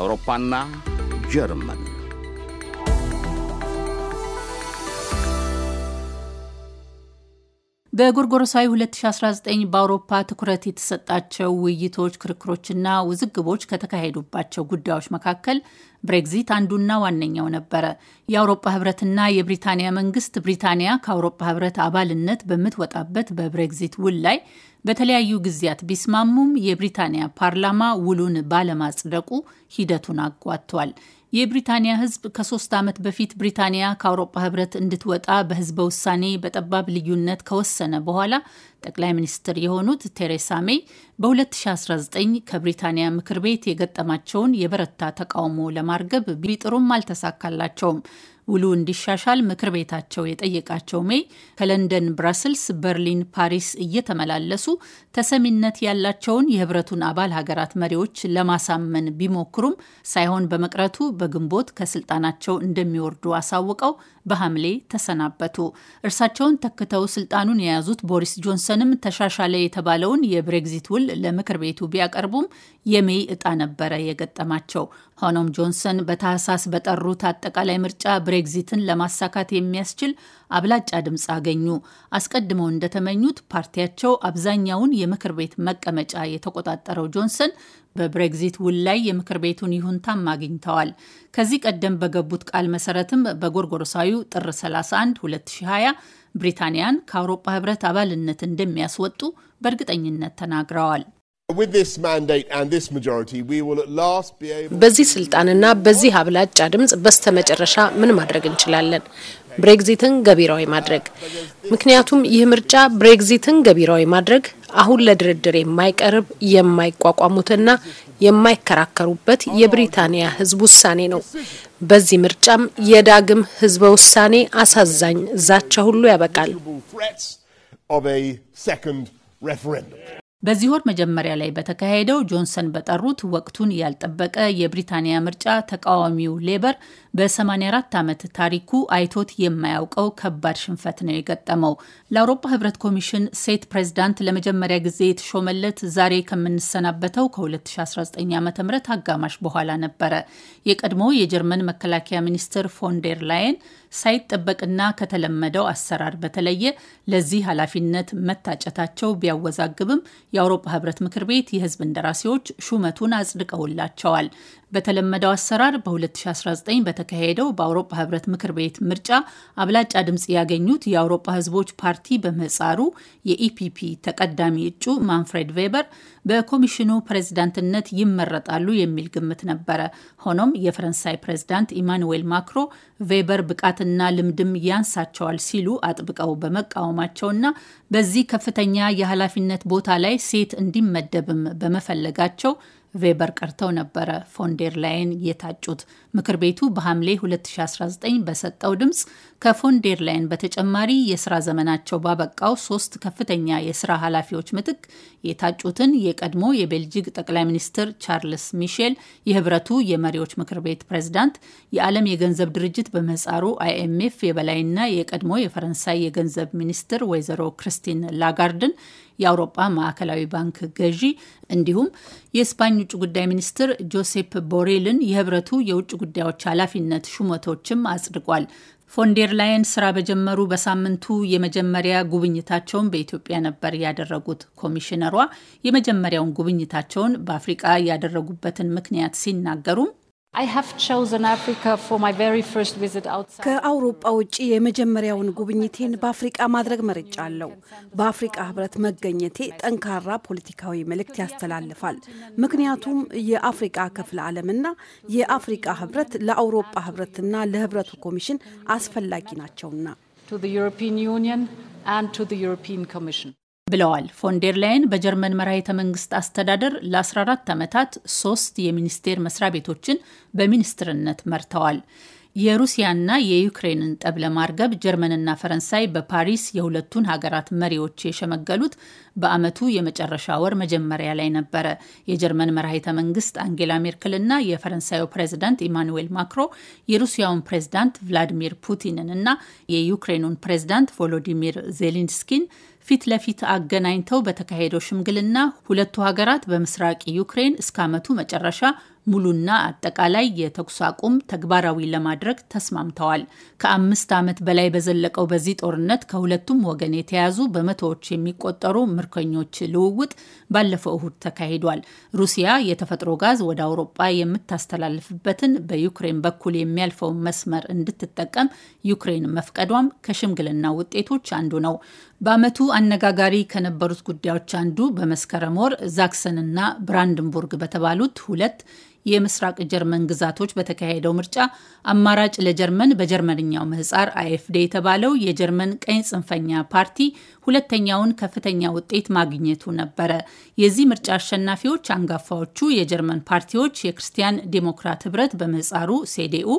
Europanna, German. በጎርጎሮሳዊ 2019 በአውሮፓ ትኩረት የተሰጣቸው ውይይቶች፣ ክርክሮችና ውዝግቦች ከተካሄዱባቸው ጉዳዮች መካከል ብሬግዚት አንዱና ዋነኛው ነበረ። የአውሮፓ ህብረትና የብሪታንያ መንግስት ብሪታንያ ከአውሮፓ ህብረት አባልነት በምትወጣበት በብሬግዚት ውል ላይ በተለያዩ ጊዜያት ቢስማሙም የብሪታንያ ፓርላማ ውሉን ባለማጽደቁ ሂደቱን አጓቷል። የብሪታንያ ህዝብ ከሶስት ዓመት በፊት ብሪታንያ ከአውሮፓ ህብረት እንድትወጣ በህዝበ ውሳኔ በጠባብ ልዩነት ከወሰነ በኋላ ጠቅላይ ሚኒስትር የሆኑት ቴሬሳ ሜይ በ2019 ከብሪታንያ ምክር ቤት የገጠማቸውን የበረታ ተቃውሞ ለማርገብ ቢጥሩም አልተሳካላቸውም። ውሉ እንዲሻሻል ምክር ቤታቸው የጠየቃቸው ሜይ ከለንደን፣ ብራስልስ፣ በርሊን፣ ፓሪስ እየተመላለሱ ተሰሚነት ያላቸውን የህብረቱን አባል ሀገራት መሪዎች ለማሳመን ቢሞክሩም ሳይሆን በመቅረቱ በግንቦት ከስልጣናቸው እንደሚወርዱ አሳውቀው በሐምሌ ተሰናበቱ። እርሳቸውን ተክተው ስልጣኑን የያዙት ቦሪስ ጆንሰንም ተሻሻለ የተባለውን የብሬግዚት ውል ለምክር ቤቱ ቢያቀርቡም የሜይ እጣ ነበረ የገጠማቸው። ሆኖም ጆንሰን በታህሳስ በጠሩት አጠቃላይ ምርጫ ብሬ ብሬግዚትን ለማሳካት የሚያስችል አብላጫ ድምፅ አገኙ። አስቀድመው እንደተመኙት ፓርቲያቸው አብዛኛውን የምክር ቤት መቀመጫ የተቆጣጠረው ጆንሰን በብሬግዚት ውል ላይ የምክር ቤቱን ይሁንታም አግኝተዋል። ከዚህ ቀደም በገቡት ቃል መሰረትም በጎርጎሮሳዊ ጥር 31 2020 ብሪታንያን ከአውሮፓ ህብረት አባልነት እንደሚያስወጡ በእርግጠኝነት ተናግረዋል። በዚህ ስልጣንና በዚህ አብላጫ ድምጽ በስተመጨረሻ ምን ማድረግ እንችላለን? ብሬግዚትን ገቢራዊ ማድረግ። ምክንያቱም ይህ ምርጫ ብሬግዚትን ገቢራዊ ማድረግ አሁን ለድርድር የማይቀርብ የማይቋቋሙትና የማይከራከሩበት የብሪታንያ ሕዝብ ውሳኔ ነው። በዚህ ምርጫም የዳግም ሕዝበ ውሳኔ አሳዛኝ ዛቻ ሁሉ ያበቃል። በዚህ ወር መጀመሪያ ላይ በተካሄደው ጆንሰን በጠሩት ወቅቱን ያልጠበቀ የብሪታንያ ምርጫ ተቃዋሚው ሌበር በ84 ዓመት ታሪኩ አይቶት የማያውቀው ከባድ ሽንፈት ነው የገጠመው። ለአውሮፓ ሕብረት ኮሚሽን ሴት ፕሬዝዳንት ለመጀመሪያ ጊዜ የተሾመለት ዛሬ ከምንሰናበተው ከ2019 ዓ ም አጋማሽ በኋላ ነበረ። የቀድሞ የጀርመን መከላከያ ሚኒስትር ፎንዴር ላየን ሳይጠበቅና ከተለመደው አሰራር በተለየ ለዚህ ኃላፊነት መታጨታቸው ቢያወዛግብም የአውሮፓ ህብረት ምክር ቤት የህዝብ እንደራሴዎች ሹመቱን አጽድቀውላቸዋል። በተለመደው አሰራር በ2019 በተካሄደው በአውሮፓ ህብረት ምክር ቤት ምርጫ አብላጫ ድምፅ ያገኙት የአውሮፓ ህዝቦች ፓርቲ በምህጻሩ የኢፒፒ ተቀዳሚ እጩ ማንፍሬድ ቬበር በኮሚሽኑ ፕሬዝዳንትነት ይመረጣሉ የሚል ግምት ነበረ። ሆኖም የፈረንሳይ ፕሬዝዳንት ኢማኑዌል ማክሮ ቬበር ብቃትና ልምድም ያንሳቸዋል ሲሉ አጥብቀው በመቃወማቸውና በዚህ ከፍተኛ የኃላፊነት ቦታ ላይ ሴት እንዲመደብም በመፈለጋቸው ቬበር ቀርተው ነበረ ፎንዴር ላይን የታጩት። ምክር ቤቱ በሐምሌ 2019 በሰጠው ድምፅ ከፎን ላይን በተጨማሪ የስራ ዘመናቸው ባበቃው ሶስት ከፍተኛ የስራ ኃላፊዎች ምትክ የታጩትን የቀድሞ የቤልጂግ ጠቅላይ ሚኒስትር ቻርልስ ሚሼል፣ የህብረቱ የመሪዎች ምክር ቤት ፕሬዝዳንት፣ የዓለም የገንዘብ ድርጅት በመጻሩ አይኤምኤፍ የበላይና የቀድሞ የፈረንሳይ የገንዘብ ሚኒስትር ወይዘሮ ክርስቲን ላጋርድን የአውሮፓ ማዕከላዊ ባንክ ገዢ እንዲሁም የስፓኝ ውጭ ጉዳይ ሚኒስትር ጆሴፕ ቦሬልን የህብረቱ የውጭ ጉዳዮች ኃላፊነት ሹመቶችም አጽድቋል። ፎንዴር ላይን ስራ በጀመሩ በሳምንቱ የመጀመሪያ ጉብኝታቸውን በኢትዮጵያ ነበር ያደረጉት። ኮሚሽነሯ የመጀመሪያውን ጉብኝታቸውን በአፍሪቃ ያደረጉበትን ምክንያት ሲናገሩም ከአውሮፓ ውጭ የመጀመሪያውን ጉብኝቴን በአፍሪቃ ማድረግ መርጫለሁ። በአፍሪቃ ህብረት መገኘቴ ጠንካራ ፖለቲካዊ መልእክት ያስተላልፋል። ምክንያቱም የአፍሪቃ ክፍለ ዓለምና የአፍሪቃ ህብረት ለአውሮፓ ህብረትና ለህብረቱ ኮሚሽን አስፈላጊ ናቸውና። ብለዋል። ፎንዴር ላይን በጀርመን መራሄተ መንግስት አስተዳደር ለ14 ዓመታት ሶስት የሚኒስቴር መስሪያ ቤቶችን በሚኒስትርነት መርተዋል። የሩሲያና የዩክሬንን ጠብ ለማርገብ ጀርመንና ፈረንሳይ በፓሪስ የሁለቱን ሀገራት መሪዎች የሸመገሉት በአመቱ የመጨረሻ ወር መጀመሪያ ላይ ነበረ። የጀርመን መራሄተ መንግስት አንጌላ ሜርክልና የፈረንሳዩ ፕሬዝዳንት ኢማኑዌል ማክሮ የሩሲያውን ፕሬዝዳንት ቭላዲሚር ፑቲንን እና የዩክሬኑን ፕሬዝዳንት ቮሎዲሚር ዜሌንስኪን ፊት ለፊት አገናኝተው በተካሄደው ሽምግልና ሁለቱ ሀገራት በምስራቅ ዩክሬን እስከ ዓመቱ መጨረሻ ሙሉና አጠቃላይ የተኩስ አቁም ተግባራዊ ለማድረግ ተስማምተዋል። ከአምስት ዓመት በላይ በዘለቀው በዚህ ጦርነት ከሁለቱም ወገን የተያዙ በመቶዎች የሚቆጠሩ ምርኮኞች ልውውጥ ባለፈው እሁድ ተካሂዷል። ሩሲያ የተፈጥሮ ጋዝ ወደ አውሮጳ የምታስተላልፍበትን በዩክሬን በኩል የሚያልፈውን መስመር እንድትጠቀም ዩክሬን መፍቀዷም ከሽምግልና ውጤቶች አንዱ ነው። በዓመቱ አነጋጋሪ ከነበሩት ጉዳዮች አንዱ በመስከረም ወር ዛክሰንና ብራንድንቡርግ በተባሉት ሁለት የምስራቅ ጀርመን ግዛቶች በተካሄደው ምርጫ አማራጭ ለጀርመን በጀርመንኛው ምህጻር አይኤፍዴ የተባለው የጀርመን ቀኝ ጽንፈኛ ፓርቲ ሁለተኛውን ከፍተኛ ውጤት ማግኘቱ ነበረ። የዚህ ምርጫ አሸናፊዎች አንጋፋዎቹ የጀርመን ፓርቲዎች የክርስቲያን ዴሞክራት ህብረት በምህጻሩ ሴዴኡ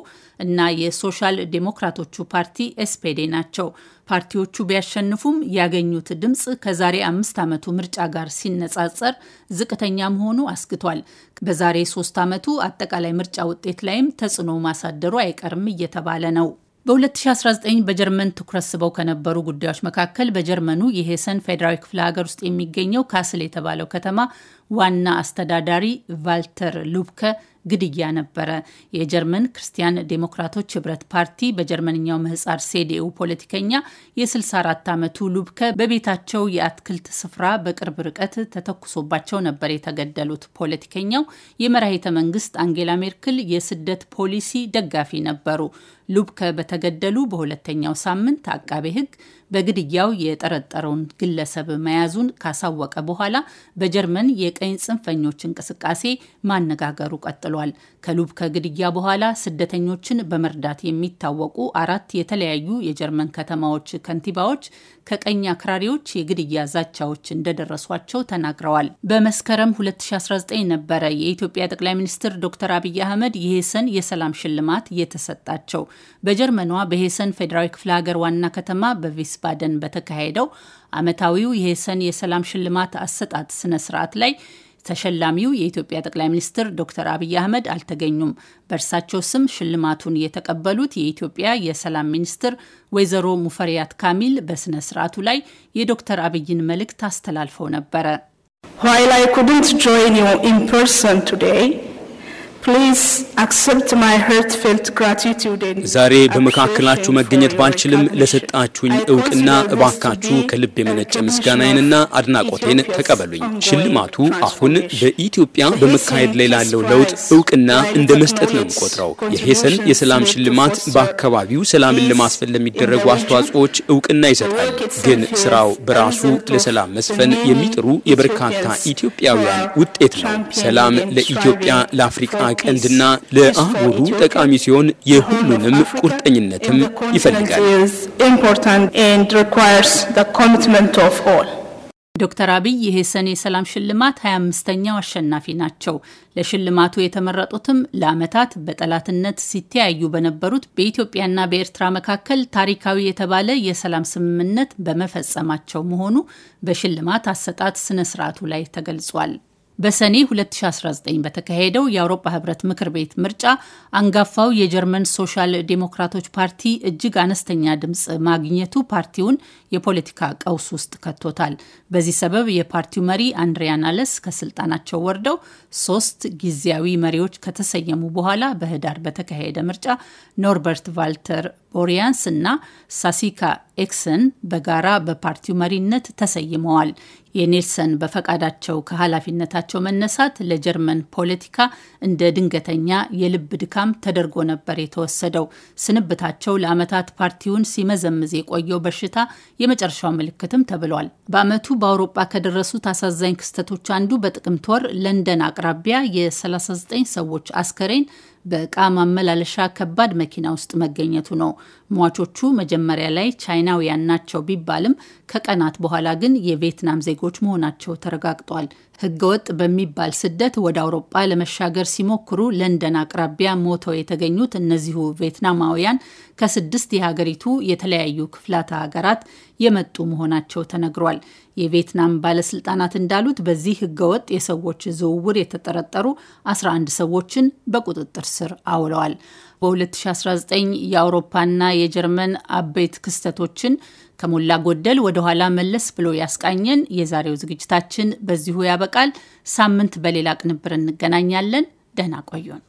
እና የሶሻል ዴሞክራቶቹ ፓርቲ ኤስፔዴ ናቸው። ፓርቲዎቹ ቢያሸንፉም ያገኙት ድምፅ ከዛሬ አምስት ዓመቱ ምርጫ ጋር ሲነጻጸር ዝቅተኛ መሆኑ አስግቷል። በዛሬ ሶስት ዓመቱ አጠቃላይ ምርጫ ውጤት ላይም ተጽዕኖ ማሳደሩ አይቀርም እየተባለ ነው። በ2019 በጀርመን ትኩረት ስበው ከነበሩ ጉዳዮች መካከል በጀርመኑ የሄሰን ፌዴራዊ ክፍለ ሀገር ውስጥ የሚገኘው ካስል የተባለው ከተማ ዋና አስተዳዳሪ ቫልተር ሉብከ ግድያ ነበረ። የጀርመን ክርስቲያን ዴሞክራቶች ህብረት ፓርቲ በጀርመንኛው ምህጻር ሴዲኡ ፖለቲከኛ የ64 ዓመቱ ሉብከ በቤታቸው የአትክልት ስፍራ በቅርብ ርቀት ተተኩሶባቸው ነበር የተገደሉት። ፖለቲከኛው የመራሄተ መንግስት አንጌላ ሜርክል የስደት ፖሊሲ ደጋፊ ነበሩ። ሉብከ በተገደሉ በሁለተኛው ሳምንት አቃቤ ህግ በግድያው የጠረጠረውን ግለሰብ መያዙን ካሳወቀ በኋላ በጀርመን የቀ ጽንፈኞች እንቅስቃሴ ማነጋገሩ ቀጥሏል። ከሉብ ከግድያ በኋላ ስደተኞችን በመርዳት የሚታወቁ አራት የተለያዩ የጀርመን ከተማዎች ከንቲባዎች ከቀኝ አክራሪዎች የግድያ ዛቻዎች እንደደረሷቸው ተናግረዋል። በመስከረም 2019 ነበረ የኢትዮጵያ ጠቅላይ ሚኒስትር ዶክተር አብይ አህመድ የሄሰን የሰላም ሽልማት የተሰጣቸው። በጀርመኗ በሄሰን ፌዴራዊ ክፍለ ሀገር ዋና ከተማ በቪስባደን በተካሄደው ዓመታዊው የሰን የሰላም ሽልማት አሰጣጥ ስነ ስርዓት ላይ ተሸላሚው የኢትዮጵያ ጠቅላይ ሚኒስትር ዶክተር አብይ አህመድ አልተገኙም። በእርሳቸው ስም ሽልማቱን የተቀበሉት የኢትዮጵያ የሰላም ሚኒስትር ወይዘሮ ሙፈሪያት ካሚል በስነ ስርዓቱ ላይ የዶክተር አብይን መልእክት አስተላልፈው ነበረ። ዋይል አይ ኩድንት ጆይን ዩ ኢን ፐርሰን ቱዴይ ዛሬ በመካከላችሁ መገኘት ባልችልም ለሰጣችሁኝ እውቅና እባካችሁ ከልብ የመነጨ ምስጋናዬንና አድናቆቴን ተቀበሉኝ። ሽልማቱ አሁን በኢትዮጵያ በመካሄድ ላይ ላለው ለውጥ እውቅና እንደ መስጠት ነው የምቆጥረው። የሄሰን የሰላም ሽልማት በአካባቢው ሰላምን ለማስፈን ለሚደረጉ አስተዋጽኦዎች እውቅና ይሰጣል። ግን ስራው በራሱ ለሰላም መስፈን የሚጥሩ የበርካታ ኢትዮጵያውያን ውጤት ነው። ሰላም ለኢትዮጵያ፣ ለአፍሪቃ ቀንድና ለአህጉሩ ጠቃሚ ሲሆን የሁሉንም ቁርጠኝነትም ይፈልጋል። ዶክተር አብይ ሰኔ የሰላም ሽልማት 25ኛው አሸናፊ ናቸው። ለሽልማቱ የተመረጡትም ለአመታት በጠላትነት ሲተያዩ በነበሩት በኢትዮጵያና በኤርትራ መካከል ታሪካዊ የተባለ የሰላም ስምምነት በመፈጸማቸው መሆኑ በሽልማት አሰጣጥ ስነ ስርዓቱ ላይ ተገልጿል። በሰኔ 2019 በተካሄደው የአውሮፓ ህብረት ምክር ቤት ምርጫ አንጋፋው የጀርመን ሶሻል ዴሞክራቶች ፓርቲ እጅግ አነስተኛ ድምፅ ማግኘቱ ፓርቲውን የፖለቲካ ቀውስ ውስጥ ከቶታል። በዚህ ሰበብ የፓርቲው መሪ አንድሪያ ናለስ ከስልጣናቸው ወርደው ሶስት ጊዜያዊ መሪዎች ከተሰየሙ በኋላ በህዳር በተካሄደ ምርጫ ኖርበርት ቫልተር ቦሪያንስ እና ሳሲካ ኤክሰን በጋራ በፓርቲው መሪነት ተሰይመዋል። የኔልሰን በፈቃዳቸው ከኃላፊነታቸው መነሳት ለጀርመን ፖለቲካ እንደ ድንገተኛ የልብ ድካም ተደርጎ ነበር የተወሰደው። ስንብታቸው ለዓመታት ፓርቲውን ሲመዘምዝ የቆየው በሽታ የመጨረሻው ምልክትም ተብሏል። በዓመቱ በአውሮጳ ከደረሱት አሳዛኝ ክስተቶች አንዱ በጥቅምት ወር ለንደን አቅራቢያ የ39 ሰዎች አስከሬን በእቃ ማመላለሻ ከባድ መኪና ውስጥ መገኘቱ ነው። ሟቾቹ መጀመሪያ ላይ ቻይናውያን ናቸው ቢባልም ከቀናት በኋላ ግን የቪየትናም ዜጎች መሆናቸው ተረጋግጧል። ህገወጥ በሚባል ስደት ወደ አውሮጳ ለመሻገር ሲሞክሩ ለንደን አቅራቢያ ሞተው የተገኙት እነዚሁ ቪየትናማውያን ከስድስት የሀገሪቱ የተለያዩ ክፍላተ ሀገራት የመጡ መሆናቸው ተነግሯል። የቪየትናም ባለስልጣናት እንዳሉት በዚህ ህገወጥ የሰዎች ዝውውር የተጠረጠሩ 11 ሰዎችን በቁጥጥር ስር አውለዋል። በ2019 የአውሮፓና የጀርመን አበይት ክስተቶችን ከሞላ ጎደል ወደ ኋላ መለስ ብሎ ያስቃኘን የዛሬው ዝግጅታችን በዚሁ ያበቃል። ሳምንት በሌላ ቅንብር እንገናኛለን። ደህና ቆዩን።